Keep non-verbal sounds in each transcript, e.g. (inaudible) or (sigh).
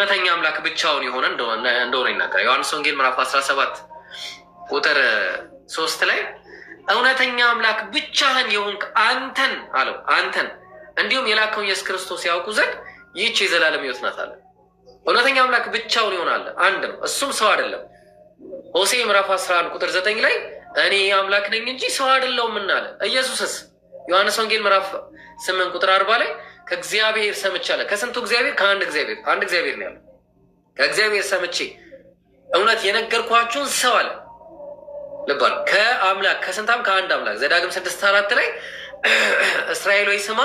እውነተኛ አምላክ ብቻውን የሆነ እንደሆነ ይናገራል። ዮሐንስ ወንጌል ምዕራፍ 17 ቁጥር ሶስት ላይ እውነተኛ አምላክ ብቻህን የሆንክ አንተን አለው አንተን እንዲሁም የላከውን ኢየሱስ ክርስቶስ ያውቁ ዘንድ ይህች የዘላለም ሕይወት ናት አለ። እውነተኛ አምላክ ብቻውን ይሆናል፣ አንድ ነው፣ እሱም ሰው አይደለም። ሆሴ ምዕራፍ 11 ቁጥር 9 ላይ እኔ አምላክ ነኝ እንጂ ሰው አይደለሁም እናለ። ኢየሱስስ ዮሐንስ ወንጌል ምዕራፍ 8 ቁጥር 40 ላይ ከእግዚአብሔር ሰምቻለሁ። ከስንቱ እግዚአብሔር? ከአንድ እግዚአብሔር። አንድ እግዚአብሔር ነው ያለ። ከእግዚአብሔር ሰምቼ እውነት የነገርኳችሁን ሰው አለ ልባል ከአምላክ ከስንታም ከአንድ አምላክ ዘዳግም ስድስት አራት ላይ (clears throat) እስራኤል ወይ ስማ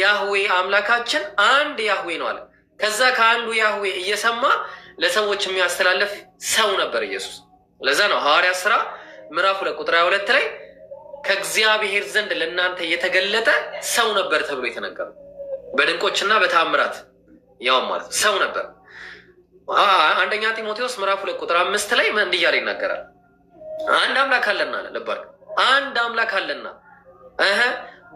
ያህዌ አምላካችን አንድ ያህዌ ነው አለ። ከዛ ከአንዱ ያህዌ እየሰማ ለሰዎች የሚያስተላለፍ ሰው ነበር ኢየሱስ። ለዛ ነው ሐዋርያ ስራ ምዕራፍ ሁለት ቁጥር ሃያ ሁለት ላይ ከእግዚአብሔር ዘንድ ለእናንተ የተገለጠ ሰው ነበር ተብሎ የተነገረው። በድንቆችና በታምራት ያውም ማለት ሰው ነበር። አንደኛ ጢሞቴዎስ ምዕራፍ ሁለት ቁጥር አምስት ላይ እንዲህ እያለ ይናገራል። አንድ አምላክ አለና ልባል አንድ አምላክ አለና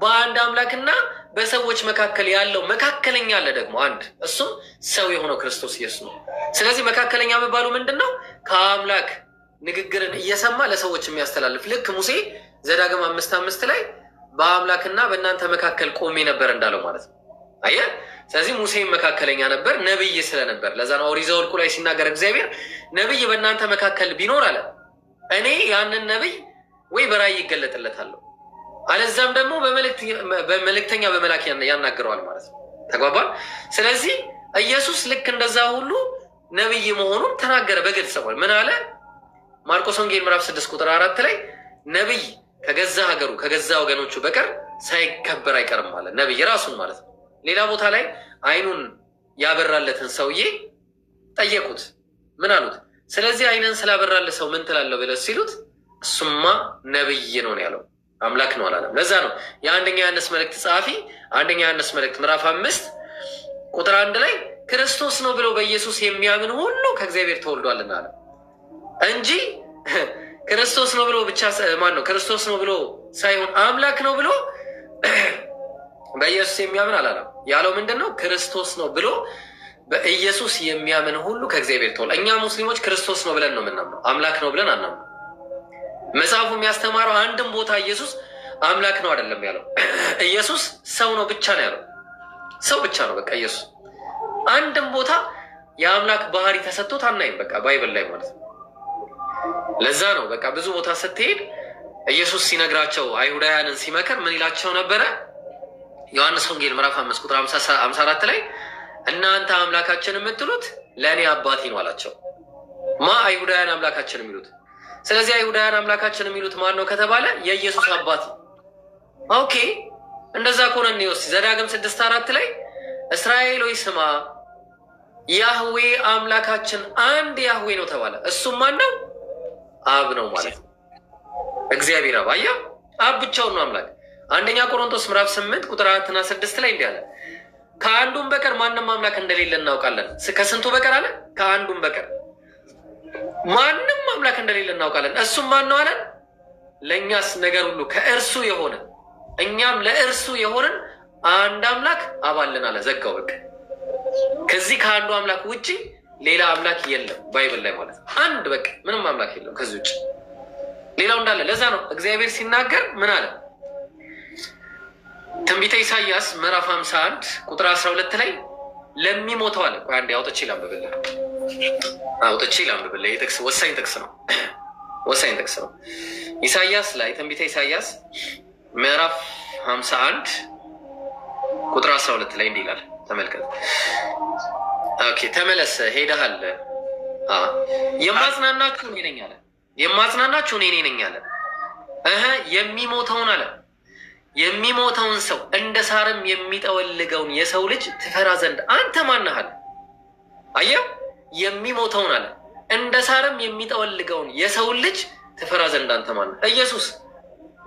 በአንድ አምላክና በሰዎች መካከል ያለው መካከለኛ አለ ደግሞ አንድ እሱም ሰው የሆነው ክርስቶስ ኢየሱስ ነው። ስለዚህ መካከለኛ የሚባሉ ምንድን ነው? ከአምላክ ንግግርን እየሰማ ለሰዎች የሚያስተላልፍ ልክ ሙሴ ዘዳግም አምስት አምስት ላይ በአምላክና በእናንተ መካከል ቆሜ ነበር እንዳለው ማለት ነው። አየ ስለዚህ ሙሴም መካከለኛ ነበር ነብይ ስለነበር ለዛ ነው ኦሪት ዘኍልቍ ላይ ሲናገር እግዚአብሔር ነብይ በእናንተ መካከል ቢኖር አለ እኔ ያንን ነብይ ወይ በራእይ ይገለጥለታለሁ አለዛም ደግሞ በመልእክተኛ በመላክ ያናግረዋል ማለት ነው ተግባባል ስለዚህ ኢየሱስ ልክ እንደዛ ሁሉ ነብይ መሆኑን ተናገረ በግልጽ ምን አለ ማርቆስ ወንጌል ምዕራፍ ስድስት ቁጥር አራት ላይ ነብይ ከገዛ ሀገሩ ከገዛ ወገኖቹ በቀር ሳይከበር አይቀርም አለ ነብይ ራሱን ማለት ነው ሌላ ቦታ ላይ አይኑን ያበራለትን ሰውዬ ጠየቁት። ምን አሉት? ስለዚህ አይንን ስላበራለት ሰው ምን ትላለው ብለው ሲሉት እሱማ ነብይ ነው ያለው አምላክ ነው አላለም። ለዛ ነው የአንደኛ ዮሐንስ መልእክት ጸሐፊ አንደኛ ዮሐንስ መልእክት ምዕራፍ አምስት ቁጥር አንድ ላይ ክርስቶስ ነው ብለው በኢየሱስ የሚያምን ሁሉ ከእግዚአብሔር ተወልዷልና አለ እንጂ ክርስቶስ ነው ብሎ ብቻ ማን ነው ክርስቶስ ነው ብሎ ሳይሆን አምላክ ነው ብሎ በኢየሱስ የሚያምን አላለም። ያለው ምንድን ነው? ክርስቶስ ነው ብሎ በኢየሱስ የሚያምን ሁሉ ከእግዚአብሔር ተወል። እኛ ሙስሊሞች ክርስቶስ ነው ብለን ነው የምናምነው፣ አምላክ ነው ብለን አናምነው። መጽሐፉ የሚያስተማረው አንድም ቦታ ኢየሱስ አምላክ ነው አይደለም ያለው። ኢየሱስ ሰው ነው ብቻ ነው ያለው። ሰው ብቻ ነው በቃ ኢየሱስ። አንድም ቦታ የአምላክ ባህሪ ተሰጥቶት አናይም፣ በቃ ባይብል ላይ ማለት ነው። ለዛ ነው በቃ ብዙ ቦታ ስትሄድ ኢየሱስ ሲነግራቸው አይሁዳውያንን ሲመከር ምን ይላቸው ነበረ? ዮሐንስ ወንጌል ምዕራፍ አምስት ቁጥር ሀምሳ አራት ላይ እናንተ አምላካችን የምትሉት ለእኔ አባቴ ነው አላቸው። ማ አይሁዳውያን አምላካችን የሚሉት ስለዚህ አይሁዳውያን አምላካችን የሚሉት ማን ነው ከተባለ የኢየሱስ አባት። ኦኬ እንደዛ ከሆነ እንወስ ዘዳግም ስድስት አራት ላይ እስራኤል ሆይ ስማ ያህዌ አምላካችን አንድ ያህዌ ነው ተባለ። እሱም ማን ነው? አብ ነው ማለት ነው። እግዚአብሔር አብ አያ አብ ብቻውን ነው አምላክ አንደኛ ቆሮንቶስ ምዕራፍ ስምንት ቁጥር አራትና ስድስት ላይ እንዲህ አለ፣ ከአንዱም በቀር ማንም አምላክ እንደሌለ እናውቃለን። ከስንቱ በቀር አለ? ከአንዱም በቀር ማንም አምላክ እንደሌለ እናውቃለን። እሱም ማን ነው አለን? ለእኛስ ነገር ሁሉ ከእርሱ የሆነ እኛም ለእርሱ የሆንን አንድ አምላክ አባልን አለ። ዘጋው በቃ። ከዚህ ከአንዱ አምላክ ውጭ ሌላ አምላክ የለም። ባይብል ላይ ማለት ነው። አንድ በቃ ምንም አምላክ የለም ከዚህ ውጭ ሌላው እንዳለ። ለዛ ነው እግዚአብሔር ሲናገር ምን አለ ትንቢተ ኢሳያስ ምዕራፍ 51 ቁጥር 12 ላይ ለሚሞተው አለ። ቆይ አንዴ አውጥቼ ላንብብልህ፣ አውጥቼ ላንብብልህ። ይህ ጥቅስ ወሳኝ ጥቅስ ነው፣ ወሳኝ ጥቅስ ነው። ኢሳያስ ላይ ትንቢተ ኢሳያስ ምዕራፍ 51 ቁጥር 12 ላይ እንዲህ ይላል። ተመልከት። ኦኬ፣ ተመለሰ ሄደሃል። የማጽናናችሁ እኔ ነኝ አለ። የማጽናናችሁ እኔ ነኝ አለ። የሚሞተውን አለ የሚሞተውን ሰው እንደ ሳርም የሚጠወልገውን የሰው ልጅ ትፈራ ዘንድ አንተ ማናሃል? አየው የሚሞተውን አለ እንደ ሳርም የሚጠወልገውን የሰው ልጅ ትፈራ ዘንድ አንተ ማነህ? ኢየሱስ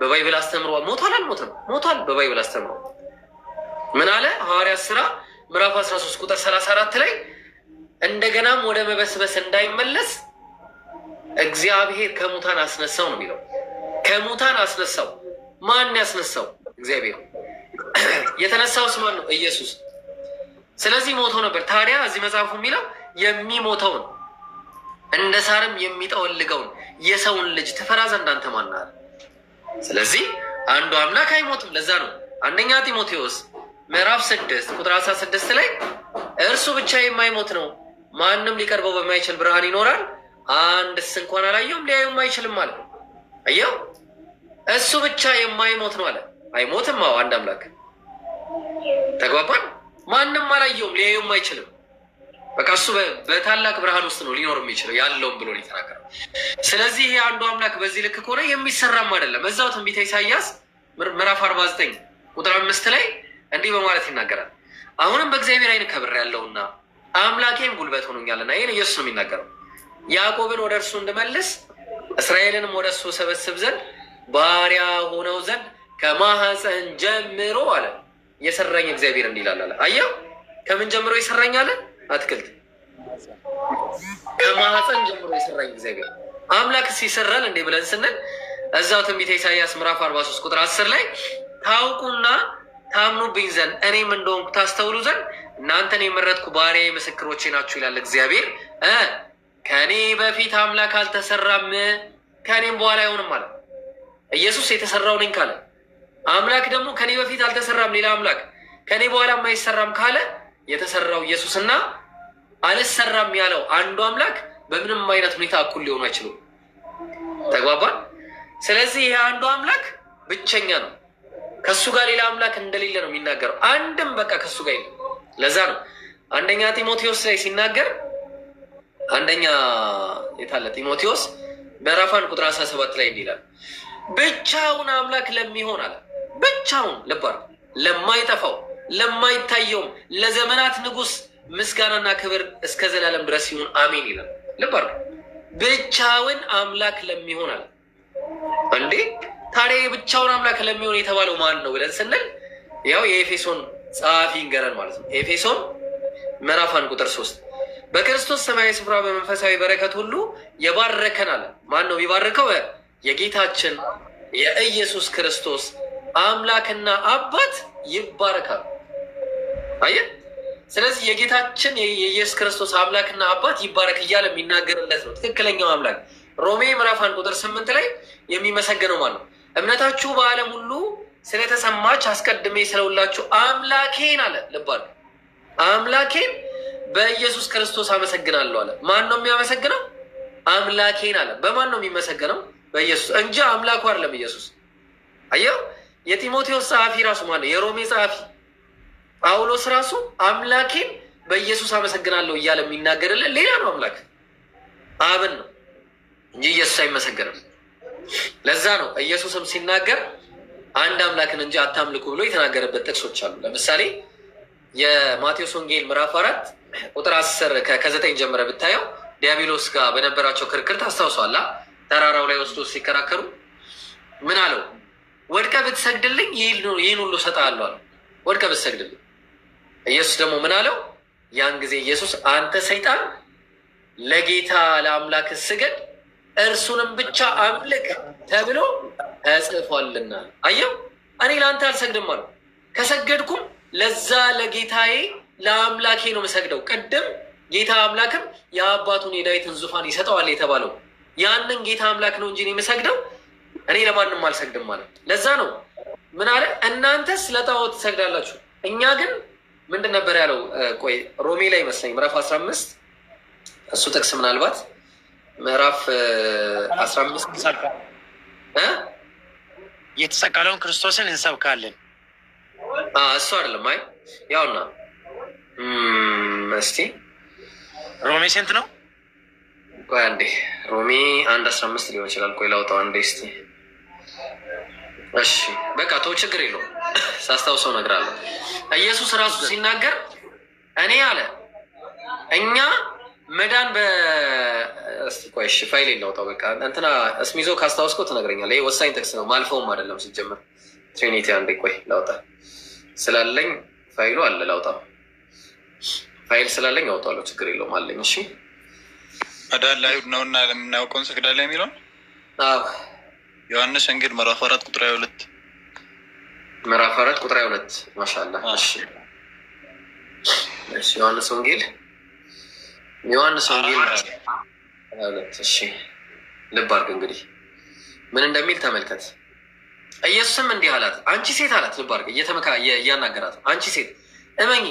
በባይብል አስተምሮ ሞቷል አልሞተም? ሞቷል። በባይብል አስተምሮ ምን አለ? ሐዋርያት ሥራ ምዕራፍ 13 ቁጥር 34 ላይ እንደገናም ወደ መበስበስ እንዳይመለስ እግዚአብሔር ከሙታን አስነሳው ነው የሚለው። ከሙታን አስነሳው። ማን ያስነሳው? እግዚአብሔር የተነሳውስ ማን ነው? ኢየሱስ። ስለዚህ ሞቶ ነበር። ታዲያ እዚህ መጽሐፉ የሚለው የሚሞተውን እንደ ሳርም የሚጠወልገውን የሰውን ልጅ ትፈራ ዘንድ አንተ ማን ስለዚህ አንዱ አምላክ አይሞትም። ለዛ ነው አንደኛ ጢሞቴዎስ ምዕራፍ ስድስት ቁጥር አስራ ስድስት ላይ እርሱ ብቻ የማይሞት ነው፣ ማንም ሊቀርበው በማይችል ብርሃን ይኖራል፣ አንድስ እንኳን አላየውም፣ ሊያዩም አይችልም አለ። አየው እሱ ብቻ የማይሞት ነው አለ። አይሞትም። አዎ አንድ አምላክ ተግባባን። ማንም አላየውም፣ ሊያየውም አይችልም። በቃ እሱ በታላቅ ብርሃን ውስጥ ነው ሊኖር የሚችለው ያለውም ብሎ ሊተናገረ። ስለዚህ ይሄ አንዱ አምላክ በዚህ ልክ ከሆነ የሚሰራም አይደለም። እዛው ትንቢተ ኢሳያስ ምዕራፍ አርባ ዘጠኝ ቁጥር አምስት ላይ እንዲህ በማለት ይናገራል። አሁንም በእግዚአብሔር ዓይን ከብር ያለውና አምላኬም ጉልበት ሆኖኛልና ይህን ኢየሱስ ነው የሚናገረው። ያዕቆብን ወደ እርሱ እንድመልስ እስራኤልንም ወደ እሱ ሰበስብ ዘንድ ባሪያ ሆነው ዘንድ ከማህፀን ጀምሮ አለ የሰራኝ እግዚአብሔር እንዲላል አለ። አያ ከምን ጀምሮ የሰራኝ አለ? አትክልት ከማህፀን ጀምሮ የሰራኝ እግዚአብሔር አምላክ ሲሰራል እንዴ ብለን ስንል እዛው ትንቢተ ኢሳያስ ምዕራፍ 43 ቁጥር 10 ላይ ታውቁና ታምኑብኝ ዘንድ እኔም እንደሆንኩ ታስተውሉ ዘንድ እናንተን የመረጥኩ ባሪያዬ ምስክሮቼ ናችሁ ይላል እግዚአብሔር። ከእኔ በፊት አምላክ አልተሰራም፣ ከእኔም በኋላ አይሆንም አለ። ኢየሱስ የተሰራው ነኝ ካለ አምላክ ደግሞ ከኔ በፊት አልተሰራም ሌላ አምላክ ከኔ በኋላም አይሰራም ካለ የተሰራው ኢየሱስና አልሰራም ያለው አንዱ አምላክ በምንም አይነት ሁኔታ እኩል ሊሆኑ አይችሉም። ተግባባል። ስለዚህ ይሄ አንዱ አምላክ ብቸኛ ነው። ከሱ ጋር ሌላ አምላክ እንደሌለ ነው የሚናገረው። አንድም በቃ ከሱ ጋር የለም። ለዛ ነው አንደኛ ጢሞቴዎስ ላይ ሲናገር አንደኛ የታለ ጢሞቴዎስ በራፋን ቁጥር አስራ ሰባት ላይ እንዲላል ብቻውን አምላክ ለሚሆን አለ ብቻውን ልበር ለማይጠፋው ለማይታየውም ለዘመናት ንጉስ ምስጋናና ክብር እስከ ዘላለም ድረስ ይሁን አሜን ይላል። ልበር ብቻውን አምላክ ለሚሆን አለ እንዴ። ታዲያ የብቻውን አምላክ ለሚሆን የተባለው ማን ነው ብለን ስንል ያው የኤፌሶን ጸሐፊ ይንገረን ማለት ነው። ኤፌሶን ምዕራፍ አንድ ቁጥር ሶስት በክርስቶስ ሰማያዊ ስፍራ በመንፈሳዊ በረከት ሁሉ የባረከን አለ። ማን ነው የባረከው የጌታችን የኢየሱስ ክርስቶስ አምላክና አባት ይባረካሉ። አየህ፣ ስለዚህ የጌታችን የኢየሱስ ክርስቶስ አምላክና አባት ይባረክ እያለ የሚናገርለት ነው ትክክለኛው አምላክ። ሮሜ ምዕራፍ አንድ ቁጥር ስምንት ላይ የሚመሰገነው ማለት ነው። እምነታችሁ በዓለም ሁሉ ስለተሰማች አስቀድሜ ስለውላችሁ አምላኬን አለ። ልባል አምላኬን በኢየሱስ ክርስቶስ አመሰግናለሁ አለ። ማን ነው የሚያመሰግነው? አምላኬን አለ። በማን ነው የሚመሰገነው? በኢየሱስ እንጂ አምላኩ አይደለም። ኢየሱስ አየው የጢሞቴዎስ ጸሐፊ ራሱ ማለ የሮሜ ጸሐፊ ጳውሎስ ራሱ አምላኬን በኢየሱስ አመሰግናለሁ እያለ የሚናገርልን ሌላ ነው። አምላክ አብን ነው እንጂ ኢየሱስ አይመሰገንም። ለዛ ነው ኢየሱስም ሲናገር አንድ አምላክን እንጂ አታምልኩ ብሎ የተናገረበት ጥቅሶች አሉ። ለምሳሌ የማቴዎስ ወንጌል ምዕራፍ አራት ቁጥር አስር ከዘጠኝ ጀምረ ብታየው ዲያብሎስ ጋር በነበራቸው ክርክር ታስታውሷላ። ተራራው ላይ ወስዶ ሲከራከሩ ምን አለው? ወድቀ ብትሰግድልኝ ይህን ሁሉ እሰጥሃለሁ አለ። ወድቀ ብትሰግድልኝ። ኢየሱስ ደግሞ ምን አለው? ያን ጊዜ ኢየሱስ አንተ ሰይጣን ለጌታ ለአምላክ ስገድ እርሱንም ብቻ አምልክ ተብሎ ተጽፏልና። አየው እኔ ለአንተ አልሰግድም አለ። ከሰገድኩም ለዛ ለጌታዬ ለአምላኬ ነው የምሰግደው። ቅድም ጌታ አምላክም የአባቱን የዳዊትን ዙፋን ይሰጠዋል የተባለው ያንን ጌታ አምላክ ነው እንጂ የምሰግደው እኔ ለማንም አልሰግድም ማለት ለዛ ነው። ምን አለ? እናንተ ስለ ጣዖት ትሰግዳላችሁ፣ እኛ ግን ምንድን ነበር ያለው? ቆይ ሮሜ ላይ ይመስለኝ ምዕራፍ አስራ አምስት እሱ ጥቅስ ምናልባት ምዕራፍ አስራ አምስት የተሰቀለውን ክርስቶስን እንሰብካለን። እሱ አይደለም አይ ያውና እስቲ ሮሜ ስንት ነው? ቆይ አንዴ ሮሜ አንድ አስራ አምስት ሊሆን ይችላል። ቆይ ላውጣው አንዴ እስቲ እሺ በቃ ተው፣ ችግር የለውም። (coughs) ሳስታውሰው እነግራለሁ። ኢየሱስ ራሱ ሲናገር እኔ አለ እኛ መዳን በእስቲ ፋይል የለውጣው በቃ እንትና እስሚዞ ካስታውስከው ትነግረኛለህ። ይሄ ወሳኝ ጥቅስ ነው፣ ማልፈውም አይደለም ሲጀምር ትሪኒቲ። አንዴ ቆይ ላውጣ ስላለኝ ፋይሉ አለ ላውጣ። ፋይል ስላለኝ አውጣለሁ፣ ችግር የለውም አለኝ። እሺ መዳን ለአይሁድ ነውና የምናውቀውን ስግዳ ላይ የሚለውን ዮሐንስ ወንጌል ምዕራፍ አራት ቁጥር ሀያ ሁለት ምዕራፍ አራት ቁጥር ሀያ ሁለት ማሻላ ዮሐንስ ወንጌል ዮሐንስ ወንጌል ሀያ ሁለት እሺ ልብ አድርግ እንግዲህ ምን እንደሚል ተመልከት ኢየሱስም እንዲህ አላት አንቺ ሴት አላት ልብ አድርግ እያናገራት አንቺ ሴት እመኚ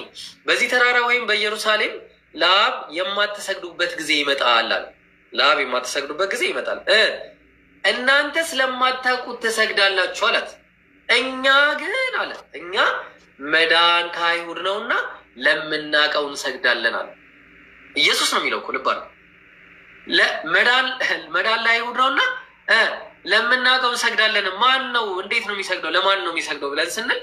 በዚህ ተራራ ወይም በኢየሩሳሌም ለአብ የማትሰግዱበት ጊዜ ይመጣል አለ ለአብ የማትሰግዱበት ጊዜ ይመጣል እናንተ ስለማታውቁት ትሰግዳላችሁ አላት። እኛ ግን አለ እኛ መዳን ከአይሁድ ነውና ለምናውቀው እንሰግዳለን አለ። ኢየሱስ ነው የሚለው እኮ ነው። (laughs) መዳን ለአይሁድ ነውና ለምናውቀው እንሰግዳለን። ማን ነው እንዴት ነው የሚሰግደው? ለማን ነው የሚሰግደው ብለን ስንል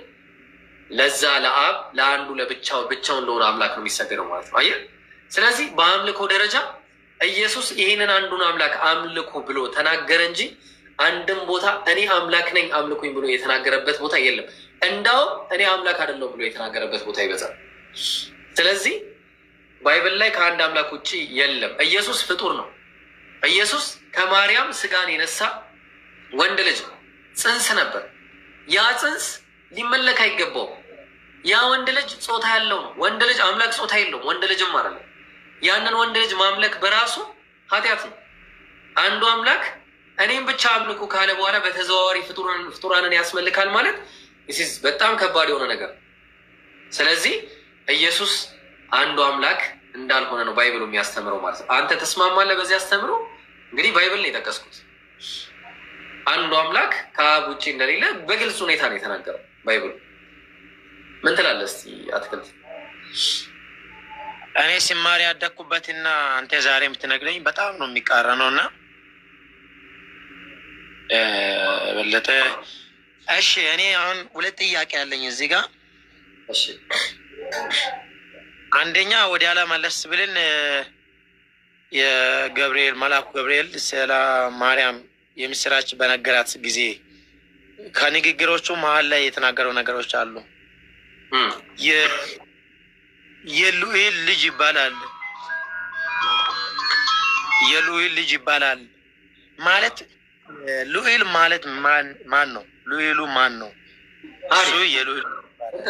ለዛ ለአብ ለአንዱ ለብቻው ብቻው እንደሆነ አምላክ ነው የሚሰግደው ማለት ነው። አየህ፣ ስለዚህ በአምልኮ ደረጃ ኢየሱስ ይህንን አንዱን አምላክ አምልኩ ብሎ ተናገረ እንጂ አንድም ቦታ እኔ አምላክ ነኝ አምልኩኝ ብሎ የተናገረበት ቦታ የለም። እንዳውም እኔ አምላክ አይደለሁ ብሎ የተናገረበት ቦታ ይበዛል። ስለዚህ ባይብል ላይ ከአንድ አምላክ ውጭ የለም። ኢየሱስ ፍጡር ነው። ኢየሱስ ከማርያም ስጋን የነሳ ወንድ ልጅ ነው ጽንስ ነበር። ያ ጽንስ ሊመለክ አይገባውም። ያ ወንድ ልጅ ጾታ ያለው ነው። ወንድ ልጅ አምላክ ጾታ የለውም። ወንድ ልጅም አይደለም። ያንን ወንድ ልጅ ማምለክ በራሱ ኃጢአት ነው። አንዱ አምላክ እኔም ብቻ አምልኩ ካለ በኋላ በተዘዋዋሪ ፍጡራንን ያስመልካል ማለት በጣም ከባድ የሆነ ነገር። ስለዚህ ኢየሱስ አንዱ አምላክ እንዳልሆነ ነው ባይብሉ የሚያስተምረው ማለት ነው። አንተ ተስማማለህ በዚህ አስተምሮ? እንግዲህ ባይብል ነው የጠቀስኩት። አንዱ አምላክ ከአብ ውጭ እንደሌለ በግልጽ ሁኔታ ነው የተናገረው ባይብሉ። ምን ትላለህ እስኪ አትክልት? እኔ ሲማር ያደግኩበትና አንተ ዛሬ የምትነግረኝ በጣም ነው የሚቃረነው እና በለጠ እሺ፣ እኔ አሁን ሁለት ጥያቄ ያለኝ እዚህ ጋር። አንደኛ ወዲያላ መለስ ብልን የገብርኤል መልአኩ ገብርኤል ስለ ማርያም የምስራች በነገራት ጊዜ ከንግግሮቹ መሀል ላይ የተናገረው ነገሮች አሉ የሉኤል ልጅ ይባላል። የሉኤል ልጅ ይባላል ማለት ሉኤል ማለት ማን ነው? ሉኤሉ ማን ነው? የሉኤል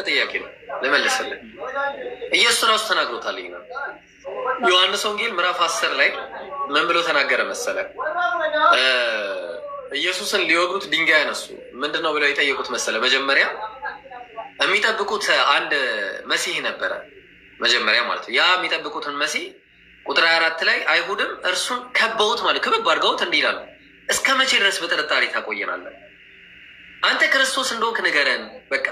ጥያቄ ነው ልመልስልህ። ኢየሱስ ራሱ ተናግሮታል። ይሄ ዮሐንስ ወንጌል ምዕራፍ አስር ላይ ምን ብሎ ተናገረ መሰለ? ኢየሱስን ሊወግሩት ድንጋይ አነሱ። ምንድን ነው ብለው የጠየቁት መሰለ? መጀመሪያ የሚጠብቁት አንድ መሲህ ነበረ መጀመሪያ ማለት ነው። ያ የሚጠብቁትን መሲ ቁጥር ሀያ አራት ላይ አይሁድም እርሱን ከበውት ማለት ክብብ አድርገውት እንዲህ ይላሉ፣ እስከ መቼ ድረስ በጥርጣሬ ታቆየናለን? አንተ ክርስቶስ እንደሆንክ ንገረን፣ በቃ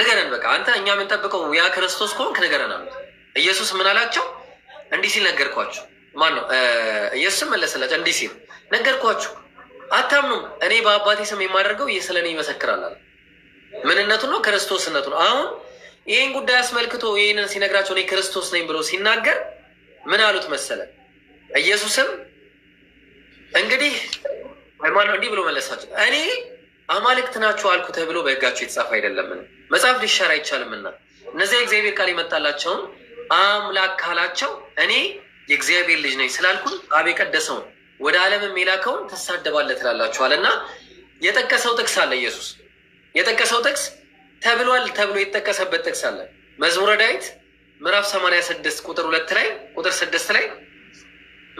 ንገረን፣ በቃ አንተ እኛ የምንጠብቀው ያ ክርስቶስ ከሆንክ ንገረን አሉት። ኢየሱስ ምን አላቸው? እንዲህ ሲል ነገርኳችሁ። ማን ነው? ኢየሱስ መለሰላቸው እንዲህ ሲል ነገርኳችሁ፣ አታምኑም። እኔ በአባቴ ስም የማደርገው ይህ ስለ እኔ ይመሰክራል አለ። ምንነቱ ነው፣ ክርስቶስነቱ ነው። አሁን ይህን ጉዳይ አስመልክቶ ይህንን ሲነግራቸው እኔ ክርስቶስ ነኝ ብሎ ሲናገር ምን አሉት መሰለ? ኢየሱስም እንግዲህ ሃይማኖ እንዲህ ብሎ መለሳቸው፣ እኔ አማልክት ናችሁ አልኩ ተብሎ በህጋቸው የተጻፈ አይደለምን? መጽሐፍ ሊሻር አይቻልምና እነዚያ የእግዚአብሔር ቃል የመጣላቸውን አምላክ ካላቸው እኔ የእግዚአብሔር ልጅ ነኝ ስላልኩን አብ የቀደሰውን ወደ ዓለም የሚላከውን ትሳደባለህ ትላላችኋል። እና የጠቀሰው ጥቅስ አለ ኢየሱስ የጠቀሰው ጥቅስ ተብሏል ተብሎ የተጠቀሰበት ጥቅስ አለ። መዝሙረ ዳዊት ምዕራፍ 86 ቁጥር ሁለት ላይ ቁጥር ስድስት ላይ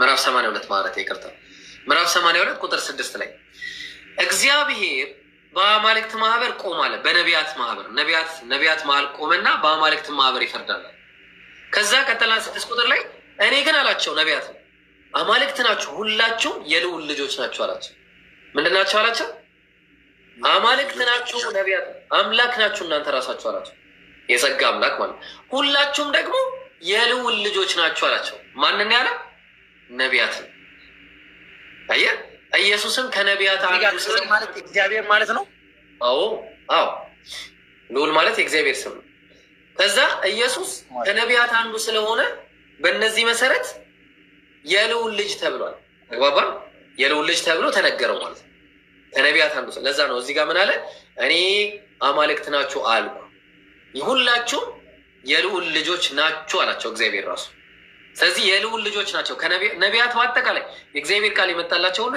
ምዕራፍ ሁለት ማለት ይቅርታ፣ ምዕራፍ ሁለት ቁጥር ስድስት ላይ እግዚአብሔር በአማልክት ማህበር ቆም አለ። በነቢያት ማህበር ነቢያት ነቢያት መሀል ቆመና በአማልክት ማህበር ይፈርዳል። ከዛ ቀጠላ ስድስት ቁጥር ላይ እኔ ግን አላቸው ነቢያት አማልክት ናችሁ ሁላችሁም የልዑል ልጆች ናቸው አላቸው። ምንድን ናቸው አላቸው አማልክት ናችሁ ነቢያት አምላክ ናችሁ እናንተ ራሳችሁ አላቸው። የጸጋ አምላክ ማለት ሁላችሁም ደግሞ የልውል ልጆች ናችሁ አላቸው። ማንን ያለ ነቢያት አየ ኢየሱስም ከነቢያት ማለት እግዚአብሔር ማለት ነው። አዎ አዎ፣ ልውል ማለት የእግዚአብሔር ስም ነው። ከዛ ኢየሱስ ከነቢያት አንዱ ስለሆነ በእነዚህ መሰረት የልውል ልጅ ተብሏል። ተግባባ። የልውል ልጅ ተብሎ ተነገረው ማለት ነው። ከነቢያት አንዱ ለዛ ነው እዚህ ጋር ምን አለ? እኔ አማልክት ናችሁ አልኩ፣ ሁላችሁም የልዑል ልጆች ናችሁ አላቸው እግዚአብሔር ራሱ። ስለዚህ የልዑል ልጆች ናቸው ነቢያት፣ በአጠቃላይ የእግዚአብሔር ቃል የመጣላቸው ሁሉ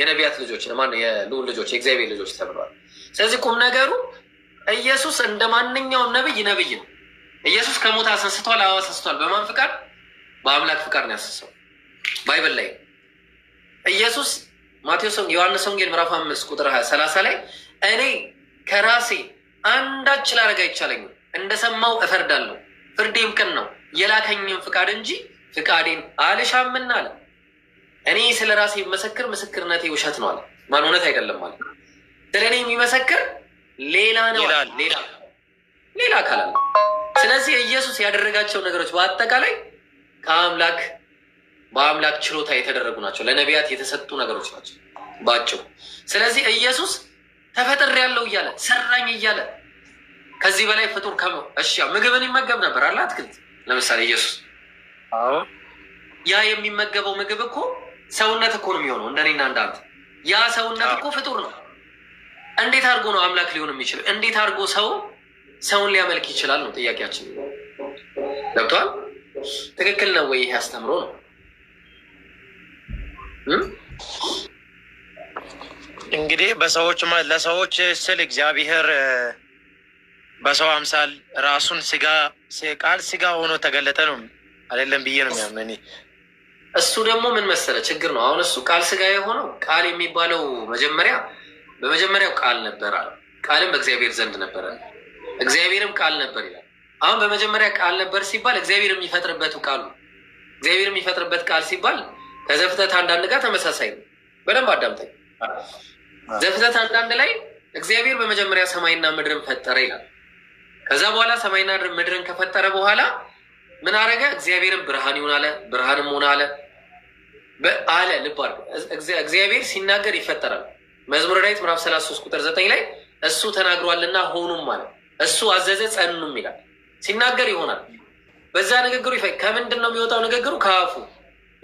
የነቢያት ልጆች ማነው? የልዑል ልጆች የእግዚአብሔር ልጆች ተብለዋል። ስለዚህ ቁም ነገሩ ኢየሱስ እንደ ማንኛውም ነብይ ነብይ ነው። ኢየሱስ ከሞት አሰስቷል። አዎ አሰስቷል። በማን ፍቃድ? በአምላክ ፍቃድ ነው ያሰሰው። ባይብል ላይ ኢየሱስ ማቴዎስ ዮሐንስ ወንጌል ምዕራፍ አምስት ቁጥር ሰላሳ ላይ እኔ ከራሴ አንዳች ላደርግ አይቻለኝም፣ እንደሰማው እፈርዳለሁ፣ ፍርዴም ቅን ነው፣ የላከኝም ፍቃድ እንጂ ፍቃዴን አልሻምና አለ። እኔ ስለ ራሴ መሰክር፣ ምስክርነቴ ውሸት ነው አለ። ማን እውነት አይደለም ማለት ስለ እኔ የሚመሰክር ሌላ ነው ሌላ ሌላ አካል አለ። ስለዚህ ኢየሱስ ያደረጋቸው ነገሮች በአጠቃላይ ከአምላክ በአምላክ ችሎታ የተደረጉ ናቸው። ለነቢያት የተሰጡ ነገሮች ናቸው ባጭሩ። ስለዚህ ኢየሱስ ተፈጥር ያለው እያለ ሰራኝ እያለ ከዚህ በላይ ፍጡር ከ እሺ፣ ምግብን ይመገብ ነበር አለ አትክልት፣ ለምሳሌ ኢየሱስ። ያ የሚመገበው ምግብ እኮ ሰውነት እኮ ነው የሚሆነው፣ እንደኔና እንዳንተ። ያ ሰውነት እኮ ፍጡር ነው። እንዴት አድርጎ ነው አምላክ ሊሆን የሚችለው? እንዴት አድርጎ ሰው ሰውን ሊያመልክ ይችላል ነው ጥያቄያችን። ገብቷል? ትክክል ነው ወይ? ይሄ አስተምሮ ነው። እንግዲህ በሰዎች ለሰዎች ስል እግዚአብሔር በሰው አምሳል ራሱን ስጋ ቃል ስጋ ሆኖ ተገለጠ ነው አይደለም ብዬ ነው የሚያምን። እሱ ደግሞ ምን መሰለ ችግር ነው። አሁን እሱ ቃል ስጋ የሆነው ቃል የሚባለው መጀመሪያ በመጀመሪያው ቃል ነበር አለ፣ ቃልም በእግዚአብሔር ዘንድ ነበረ፣ እግዚአብሔርም ቃል ነበር ይላል። አሁን በመጀመሪያ ቃል ነበር ሲባል እግዚአብሔር የሚፈጥርበት ቃሉ እግዚአብሔር የሚፈጥርበት ቃል ሲባል ከዘፍጥረት አንዳንድ ጋር ተመሳሳይ ነው። በደንብ አዳምጠኝ። ዘፍጥረት አንዳንድ ላይ እግዚአብሔር በመጀመሪያ ሰማይና ምድርን ፈጠረ ይላል። ከዛ በኋላ ሰማይና ምድርን ከፈጠረ በኋላ ምን አረገ? እግዚአብሔርን ብርሃን ይሁን አለ። ብርሃንም ሆነ አለ አለ። ልባር እግዚአብሔር ሲናገር ይፈጠራል። መዝሙረ ዳዊት ምዕራፍ ሶስት ቁጥር 9 ላይ እሱ ተናግሯልና ሆኑም አለ፣ እሱ አዘዘ ጸኑም ይላል። ሲናገር ይሆናል። በዛ ንግግሩ ከምንድን ነው የሚወጣው? ንግግሩ ከአፉ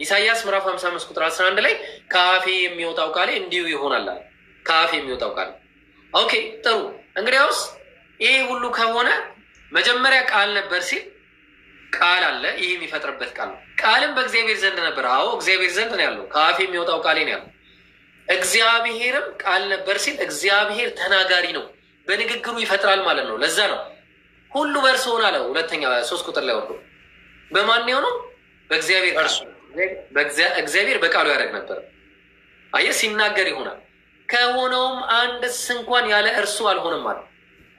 ኢሳያስ ምዕራፍ 55 ቁጥር 11 ላይ ከአፌ የሚወጣው ቃሌ እንዲሁ ይሆናል። ከአፌ የሚወጣው ቃል። ኦኬ ጥሩ። እንግዲያውስ ይሄ ሁሉ ከሆነ መጀመሪያ ቃል ነበር ሲል ቃል አለ። ይህ የሚፈጥርበት ቃል ነው። ቃልም በእግዚአብሔር ዘንድ ነበር። አዎ እግዚአብሔር ዘንድ ነው ያለው። ከአፌ የሚወጣው ቃሌ ነው ያለው። እግዚአብሔርም ቃል ነበር ሲል እግዚአብሔር ተናጋሪ ነው፣ በንግግሩ ይፈጥራል ማለት ነው። ለዛ ነው ሁሉ በእርሱ ሆነ አለ። ሁለተኛ ሶስት ቁጥር ላይ ወርዶ በማን የሆነው በእግዚአብሔር እርሱ እግዚአብሔር በቃሉ ያደርግ ነበር። አየ ሲናገር ይሆናል። ከሆነውም አንድስ እንኳን ያለ እርሱ አልሆነም አለ።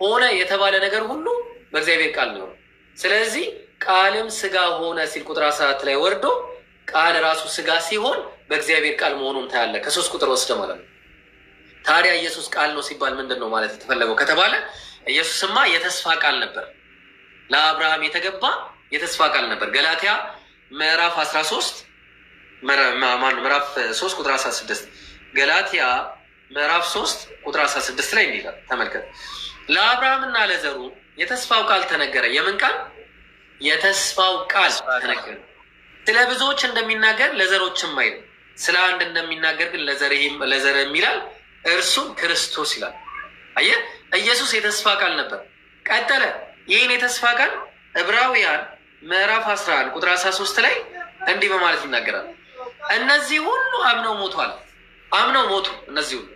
ሆነ የተባለ ነገር ሁሉ በእግዚአብሔር ቃል ነው። ስለዚህ ቃልም ስጋ ሆነ ሲል ቁጥር አስራት ላይ ወርዶ ቃል ራሱ ስጋ ሲሆን በእግዚአብሔር ቃል መሆኑን ታያለ። ከሶስት ቁጥር ወስደ ማለት ነው። ታዲያ ኢየሱስ ቃል ነው ሲባል ምንድን ነው ማለት የተፈለገው ከተባለ ኢየሱስማ የተስፋ ቃል ነበር፣ ለአብርሃም የተገባ የተስፋ ቃል ነበር። ገላትያ ምዕራፍ 13 ምዕራፍ 3 ቁጥር 16 ገላትያ ምዕራፍ 3 ቁጥር 16 ላይ የሚላል ተመልከት። ለአብርሃምና ለዘሩ የተስፋው ቃል ተነገረ። የምን ቃል? የተስፋው ቃል ተነገረ። ስለ ብዙዎች እንደሚናገር ለዘሮችም አይልም፣ ስለ አንድ እንደሚናገር ግን ለዘር የሚላል እርሱም ክርስቶስ ይላል። አየህ፣ ኢየሱስ የተስፋ ቃል ነበር። ቀጠለ። ይህን የተስፋ ቃል ዕብራውያን ምዕራፍ 11 ቁጥር 13 ላይ እንዲህ በማለት ይናገራል። እነዚህ ሁሉ አምነው ሞቷል፣ አምነው ሞቱ። እነዚህ ሁሉ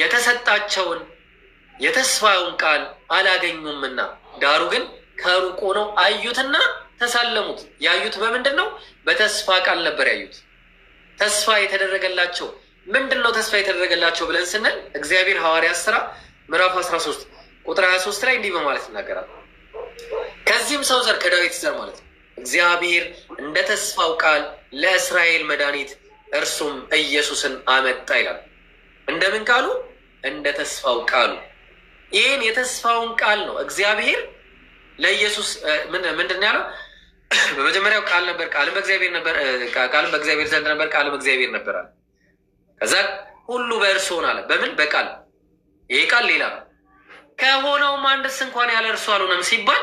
የተሰጣቸውን የተስፋውን ቃል አላገኙምና ዳሩ ግን ከሩቅ ሆነው አዩትና ተሳለሙት። ያዩት በምንድን ነው? በተስፋ ቃል ነበር ያዩት። ተስፋ የተደረገላቸው ምንድን ነው? ተስፋ የተደረገላቸው ብለን ስንል እግዚአብሔር ሐዋርያት ስራ ምዕራፍ 13 ቁጥር 23 ላይ እንዲህ በማለት ይናገራል። ከዚህም ሰው ዘር ከዳዊት ዘር ማለት ነው እግዚአብሔር እንደ ተስፋው ቃል ለእስራኤል መድኃኒት እርሱም ኢየሱስን አመጣ ይላል። እንደምን ቃሉ እንደ ተስፋው ቃሉ። ይህን የተስፋውን ቃል ነው እግዚአብሔር ለኢየሱስ ምንድን ያለው? (clears throat) በመጀመሪያው ቃል ነበር፣ ቃልም በእግዚአብሔር ነበር፣ ቃልም በእግዚአብሔር ዘንድ ነበር፣ ቃልም እግዚአብሔር ነበር አለ። ከዛ ሁሉ በእርሱ ሆነ አለ። በምን በቃል ይሄ ቃል ሌላ ነው። ከሆነውም አንድስ እንኳን ያለ እርሱ አልሆነም ሲባል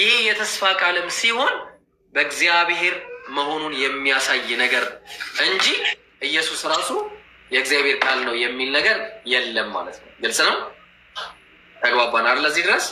ይሄ የተስፋ ቃልም ሲሆን በእግዚአብሔር መሆኑን የሚያሳይ ነገር እንጂ ኢየሱስ ራሱ የእግዚአብሔር ቃል ነው የሚል ነገር የለም ማለት ነው። ግልጽ ነው። ተግባባን አይደል? እዚህ ድረስ